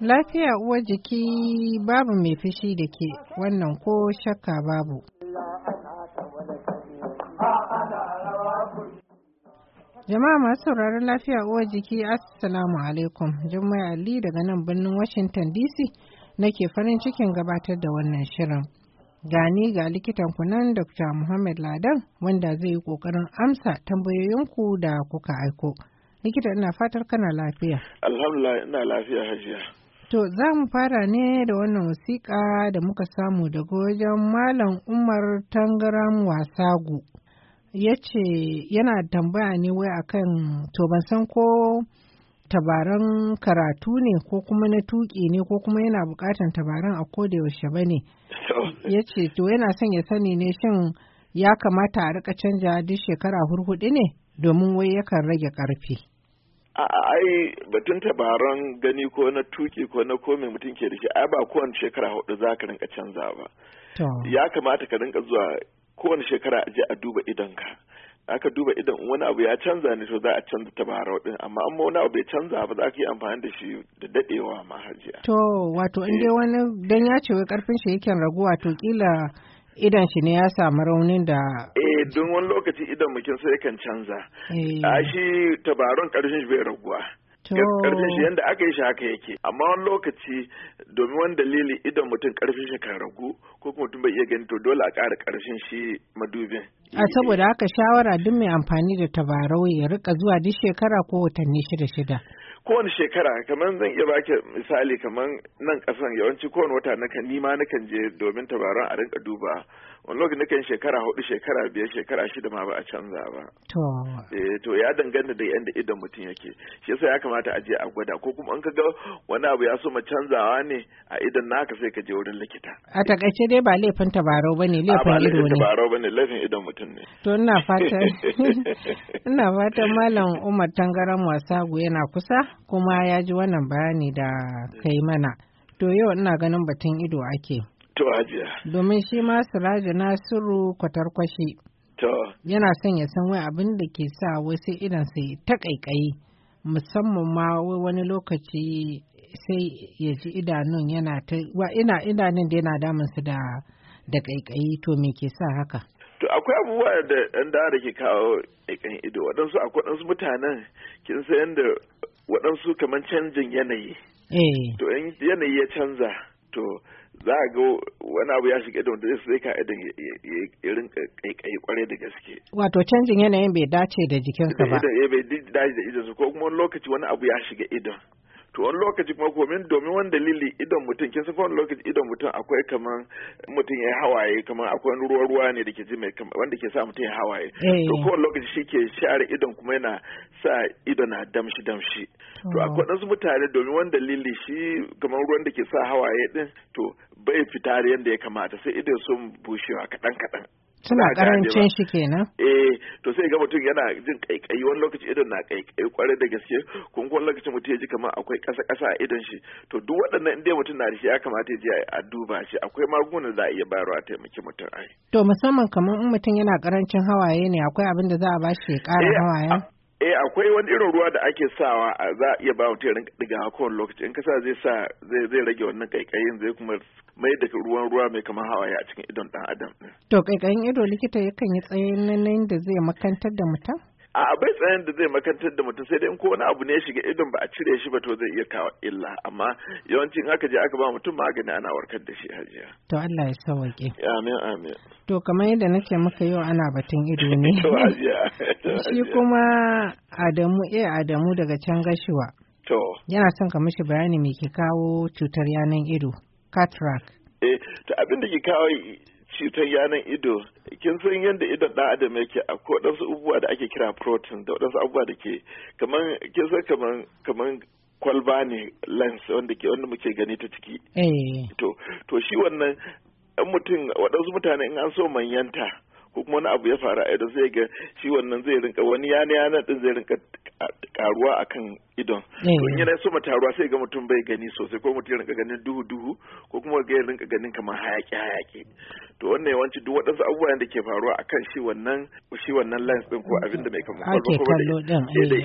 Lafiya uwar jiki babu mai fushi da ke wannan ko shakka babu. Jama'a masu sauraron lafiya uwar jiki Assalamu alaikum. Jummai Ali daga nan birnin Washington DC nake farin cikin gabatar da wannan shirin. gani ga likitan kunan Dr. Muhammad Ladan wanda zai yi ƙoƙarin amsa tambayoyinku da kuka aiko. Likita ina fatar kana lafiya. Alhamdulillah ina lafiya hajiya. To za mu fara ne da wannan wasiƙa da muka samu daga wajen Malam Umar Tangaram Wasagu. Ya ce yana tambaya ne wai akan to ban san ko tabaran karatu ne ko kuma na tuƙi ne ko kuma yana buƙatar tabaran a koda yaushe ba ne. Ya ce to yana son ya sani ne shin ya kamata a rika canja duk shekara hurhuɗu ne domin wai yakan rage ƙarfi. ai batun tabaran gani ko na tuki ko na komai mutum ke da shi ai ba kowane shekara hudu za ka rinka canza ba ya kamata ka rinka zuwa kowane shekara a je a duba idonka aka duba idan wani abu ya canza ne to za a canza tabarau din amma amma wani abu ya canza ba za ka yi amfani da shi da dadewa ma hajiya to wato in wani dan ya ce wai karfin shi yake raguwa to kila idan shi ne ya samu raunin da eh don wani lokaci idan mukin sai kan canza eh. a shi tabarun karshen shi bai raguwa karfin shi yadda aka yi shi haka yake amma wani lokaci domin wani dalili idan mutum karfin shi kan ragu ko kuma mutum bai iya gani to dole a kara karfin shi madubin a saboda haka shawara duk mai amfani da tabarau ya rika zuwa duk shekara ko watanni shida shida kowane shekara kamar zan iya baki misali kamar nan kasan yawanci kowane wata nakan nima nakan je domin tabarau a rinka duba wani lokacin kan shekara hudu shekara biyar shekara shida ma ba a canza ba to eh, ya danganta da yadda idan mutum yake shi yasa ya kamata a je a gwada ko kuma an kaga wani abu ya so ma canzawa ne a idan naka sai ka je wurin likita a takaice dai ba laifin tabarau bane laifin ido ne tabarau bane laifin idan mutum ne to ina fatan ina fatan malam Umar Tangaran Wasagu yana kusa kuma ya ji wannan bayani da kai mana to yau ina ganin batun ido ake To hajiya. Domin shi ma Siraju Nasiru kwatarkwashi. To. Yana son ya san wai abin da ke sa wai sai idan sai ta ƙaiƙayi musamman ma wai wani lokaci sai ya ji idanun yana ta wa ina idanun da yana damun su da da ƙaiƙayi to me ke sa haka? To akwai abubuwa da ɗan da da ke kawo ƙaiƙayi ido waɗansu akwai waɗansu mutanen kin san yadda waɗansu kamar canjin yanayi. Eh. To in yanayi ya canza to za a ga wani abu ya shiga idon da zai ka idon ya rinka kaikai kwarai da gaske. Wato canjin yanayin bai dace da jikinsa ba. Ya bai dace da idon ko kuma wani lokaci wani abu ya shiga idon. to wani lokaci kuma komin domin wani dalili idan mutum kin san wani lokaci idan mutum akwai kaman mutum ya hawaye kaman akwai ruwa ruwa ne da ke ji mai wanda ke sa mutum ya hawaye eh. to ko wani lokaci shi ke share idan kuma yana sa idan na damshi damshi to oh. akwai wasu mutane domin wani dalili shi kaman ruwan da ke sa hawaye din to bai fitar yadda ya kamata sai idan sun bushewa kaɗan kaɗan suna karancin shi kenan eh to sai ga mutum yana jin kaikayi wani lokaci idan na kaikayi kwarai da gaske kun lokacin lokacin mutum ya ji kamar akwai kasa kasa a idan shi to duk waɗannan inda mutum na da shi ya kamata ya je a duba shi akwai magunguna za a iya bayarwa a taimaki mutum ai to musamman kamar in mutum yana karancin hawaye ne akwai abin da za a bashi ya kara eh, hawaye. eh akwai wani irin ruwa da ake sawa za a iya ba mutum rinka diga hakan lokaci in kasa zai sa zai zai rage wannan kaikayin zai kuma mai da ruwan ruwa mai kamar hawaye a cikin idon dan adam to kaikayin ido likita yakan yi tsayin nan da zai makantar da mutum a bai tsayin da zai makantar da mutum sai dai in ko wani abu ne ya shiga idon ba a cire shi ba to zai iya kawo illa amma yawancin aka je aka ba mutum magani ana warkar da shi hajiya to Allah ya sauke amin amin to kamar yadda nake maka yau ana batun ido ne shi kuma Adamu eh Adamu daga can gashiwa to yana son ka mishi bayani me ke kawo cutar yanan ido cataract eh to abin da ke kawo cutar yanan ido kin san yadda idan ɗan adam yake ko waɗansu abubuwa da ake kira protein da waɗansu abubuwa da ke kaman kin san kaman kaman kwalba ne lens wanda ke wanda muke gani ta ciki eh. to to shi wannan ɗan mutum waɗansu mutane in an so manyanta ko kuma wani abu ya faru a idan zai ga shi wannan zai rinka wani yana yana din zai rinka karuwa akan idon to in eh. yana so taruwa sai ga mutum bai gani sosai ko mutum rinka ganin duhu duhu ko kuma ga rinka ganin kamar hayaki hayaki to wannan yawanci duk waɗansu abubuwan da ke faruwa akan shi wannan shi wannan lens din ko abin da mai kama kwalba ko eh,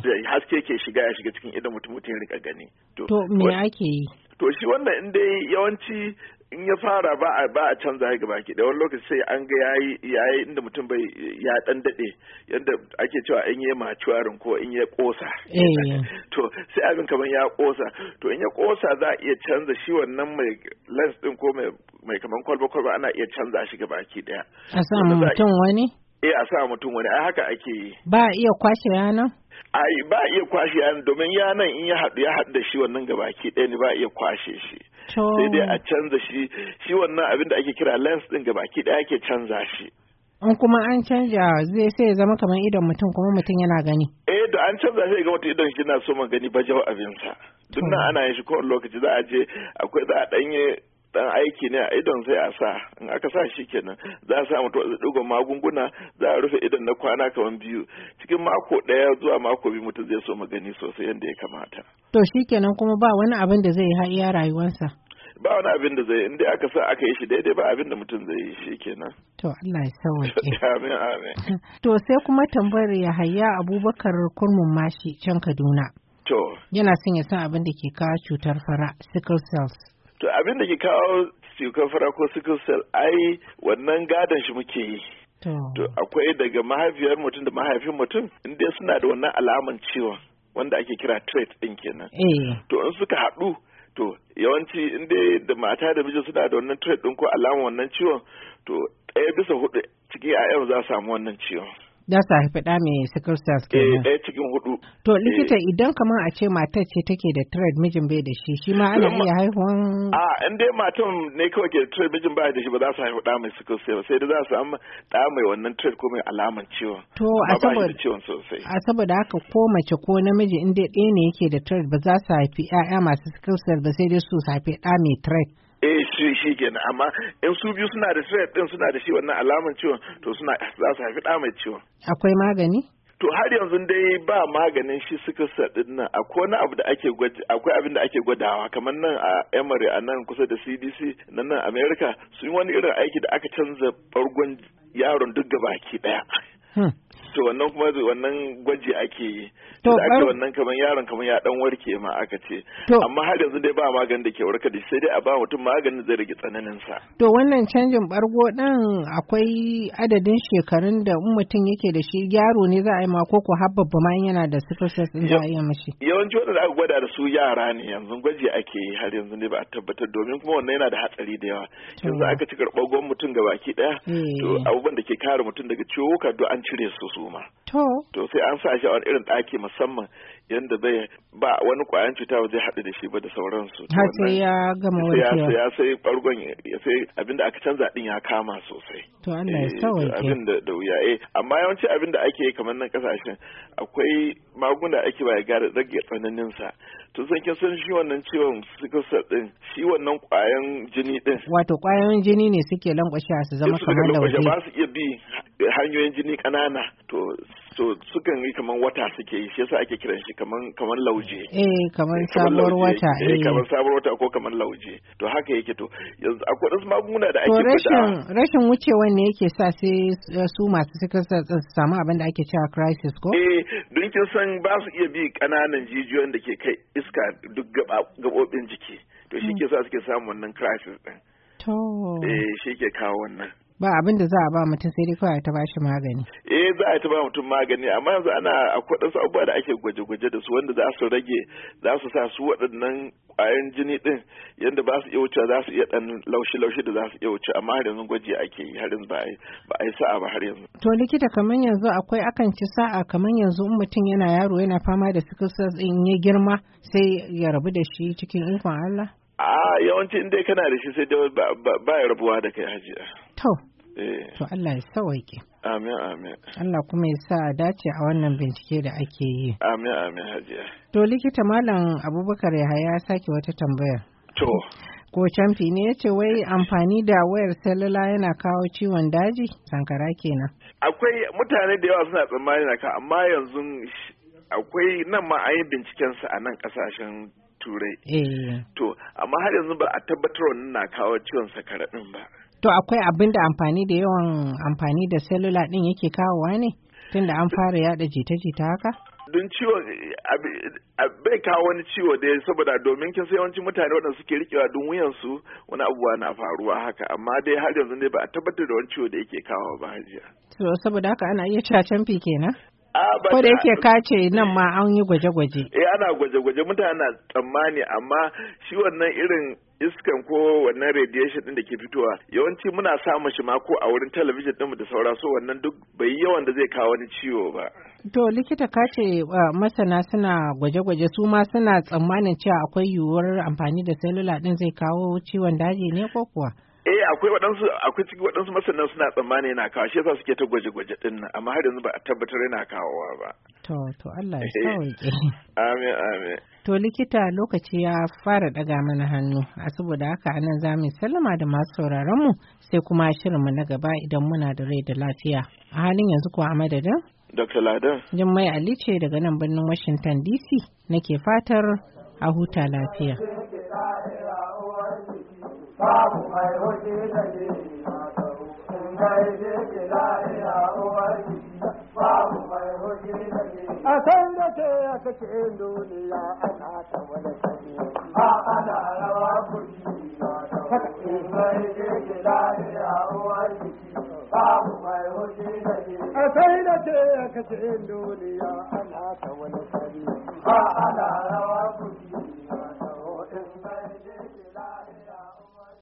da haske ke shiga ya shiga cikin idon mutum mutum rinka gani to me ake yi to shi wannan in dai yawanci in ya fara ba a ba a canza ya baki da wani lokaci sai an ga yayi yayi inda mutum bai ya dan dade yanda ake cewa in ya maciwarin ko in ya kosa eh, to sai abin kaman ya kosa to in ya kosa za a iya canza shi wannan mai lens din ko mai mai kaman kwalba kwalba ana iya canza shi gaba ki daya a sa mutum wani eh a sa mutum wani ai haka ake yi ba a iya kwashe yana ai ba iya kwashe yana domin yanan in ya haɗu ya haɗu da shi wannan gabaki ɗaya ne ba iya kwashe shi sai dai a canza shi shi wannan abin da ake kira lens din ga baki daya ake canza shi in kuma an canja zai sai zama kamar idon mutum kuma mutum yana gani eh da an canza shi ga wata idon shi na so man gani bajau abinsa duk nan ana yin shi kowane lokaci za a je akwai za a danye dan aiki ne a idon sai a sa in aka sa shi kenan za a sa a ɗigon magunguna za a rufe idon na kwana kamar biyu cikin mako ɗaya zuwa mako biyu mutum zai so magani sosai yadda ya kamata. To shi kenan kuma ba wani abin da zai yi rayuwarsa. Ba wani abin da zai inda aka sa aka yi shi daidai ba abin da mutum zai yi shi kenan. To Allah ya sauwaƙe. amin amin. To sai kuma tambayar Yahaya Abubakar Kurmun Mashi can Kaduna. To. Yana son ya san abin da ke kawo cutar fara sickle cells. to abin da ke kawo cutar fara ko sickle cell ai wannan gadon shi muke yi to akwai daga mahaifiyar mutum da mahaifin mutum inda suna da wannan alaman ciwon wanda ake kira trait din kenan eh. to in suka haɗu to yawanci inda da mata da miji suna da wannan trait din ko alaman wannan ciwon to ɗaya bisa hudu cikin 'ya'yan za su samu wannan ciwon Za su haifi ɗa mai sickle ke eh, kenan. Eh, cikin hudu. To likita eh. idan kamar a ce matar ce take da tred mijin bai da shi, shi ma ana iya haihuwan. A in dai matan ne kawai ke da mijin bai da shi ba za su haifi ɗa mai sickle cell sai dai za su samu ɗa mai wannan tred ko mai alaman ciwon. To a saboda ciwon sosai. A saboda haka ko mace ko namiji in dai ɗaya ne yake da tred ba za su haifi ƴaƴa masu sickle cell ba sai dai su haifi ɗa mai tred. shi shi kenan amma in su biyu suna da stress din suna da shi wannan alaman ciwon to suna za su haifi ɗa mai ciwon akwai magani to har yanzu dai ba maganin shi suka sadin nan akwai wani abu da ake akwai abin da ake gwadawa kamar nan a Emory a nan kusa da CDC na nan America sun wani irin aiki da aka canza bargon yaron duk gabaki ɗaya. Hmm. to wannan kuma wannan gwaji ake yi da ake wannan kamar yaron kamar ya dan warke ma aka ce amma har yanzu dai ba maganin da ke warka da sai dai a ba mutum maganin zai rage tsananin sa to wannan canjin bargo dan akwai adadin shekarun da in mutum yake da shi yaro ne za a yi ma ko ko habbabba ma yana da sifilis din za a yi mashi yawanci wanda aka gwada da su yara ne yanzu gwaji ake yi har yanzu ne ba a tabbatar domin kuma wannan yana da hatsari da yawa yanzu aka ci karɓar gwan mutum gabaki daya eh. to abubuwan da ke kare mutum daga ciwo ka an cire su suma to sai an sa shi a wani irin ɗaki musamman yadda zai ba wani kwayan cuta ba zai haɗu da shi ba da sauransu har sai ya gama warkewa ya sai bargon ya sai abinda aka canza din ya kama sosai to Allah ya eh, sauke abin da da wuya eh amma yawanci abin da ake kamar nan ƙasashen akwai magunguna ake ba ya rage tsananin sa to san kin san shi wannan ciwon sickle cell din shi wannan kwayan jini din wato kwayoyin jini ne suke lankwashe su zama kamar lauje ba su iya bi hanyoyin jini kanana to to sukan yi kaman wata suke yi shi yasa ake kiran shi kaman kaman lauje eh kaman eh, sabuwar wata eh, eh kaman sabuwar wata ko kaman lauje to haka yake to yanzu akwai wasu magunguna da ake to rashin rashin wucewan ne yake sa sai su masu suka samu abin da ake cewa crisis ko eh don kin san ba su iya bi kananan jijiyoyin da ke kai iska duk gabobin jiki to shi hmm. ke sa suke samun wannan crisis din to eh shi ke kawo wannan ba abin da za a ba mutum sai dai kawai ta bashi magani. Eh za a ta ba mutum magani amma yanzu ana akwai ɗansu abubuwa da ake gwaje-gwaje da su wanda za su rage za su sa su waɗannan ƙwayan jini din yanda ba su iya wuce za su iya dan laushi-laushi da za su iya wuce amma har yanzu gwaji ake yi har yanzu ba a yi sa'a ba har yanzu. To likita kaman yanzu akwai akan ci sa'a kamar yanzu in mutum yana yaro yana fama da sickle in ya girma sai ya rabu da shi cikin ikon Allah. A yawanci in dai kana da shi sai dai ba ya rabuwa da kai hajiya. To. Eh. To Allah ya sawaike. Amin amin. Allah kuma ya sa a dace a wannan bincike da ake yi. Amin amin hajiya. To likita malam Abubakar Yahaya ya sake wata tambaya To. Ko camfi ne ya ce wai amfani da wayar salula yana kawo ciwon daji sankara kenan. Akwai mutane da yawa suna tsammani na ka amma yanzu akwai nan ma an yi binciken sa a nan kasashen turai. Eh. To amma har yanzu ba a tabbatar wannan na kawo ciwon sakara ɗin ba. To akwai abin da amfani da yawan amfani da cellular din yake kawowa ne tunda an fara yada jita-jita haka? Don ciwon bai kawo wani ciwo da saboda domin kin yawancin mutane waɗanda suke rikewa don wuyansu wani abubuwa na faruwa haka amma dai har yanzu ne ba a tabbatar da wani ciwo da yake kawo ba hajiya. To saboda haka ana iya cacen kenan? ko da yake kace nan ma an yi gwaje-gwaje eh ana gwaje-gwaje mutane na tsammani amma shi wannan irin iskan ko wannan radiation din da ke fitowa yawanci muna samun shi ma ko a wurin talabijin mu da saura so wannan duk bai yawan da zai kawo wani ciwo ba to likita ka ce masana suna gwaje-gwaje su ma suna tsammanin cewa akwai yiwuwar amfani da cellular din zai kawo ciwon daji ne ko kuwa eh akwai waɗansu akwai ciki waɗansu masana suna tsammani yana kawo shi yasa suke ta gwaje-gwaje din nan amma har yanzu ba a tabbatar yana kawowa ba to to Allah ya eh. sauke amin amin to likita lokaci ya fara ɗaga mana hannu a saboda haka anan za mu sallama da masu sauraron mu sai kuma shirin mu na gaba idan muna da rai da lafiya a halin yanzu ko a madadin Dr. Ladan. Jummai Ali ce daga nan birnin Washington DC nake fatar a huta lafiya. babu mai hoji da a san da ke ya kace duniya ana ta wani sani ba ana rawa kuri in mai je gida da uwar jiki babu mai hoji da ke a san da ke ya kace duniya ana ta wani sani ba ana rawa kuri